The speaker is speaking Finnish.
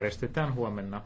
Järjestetään huomenna.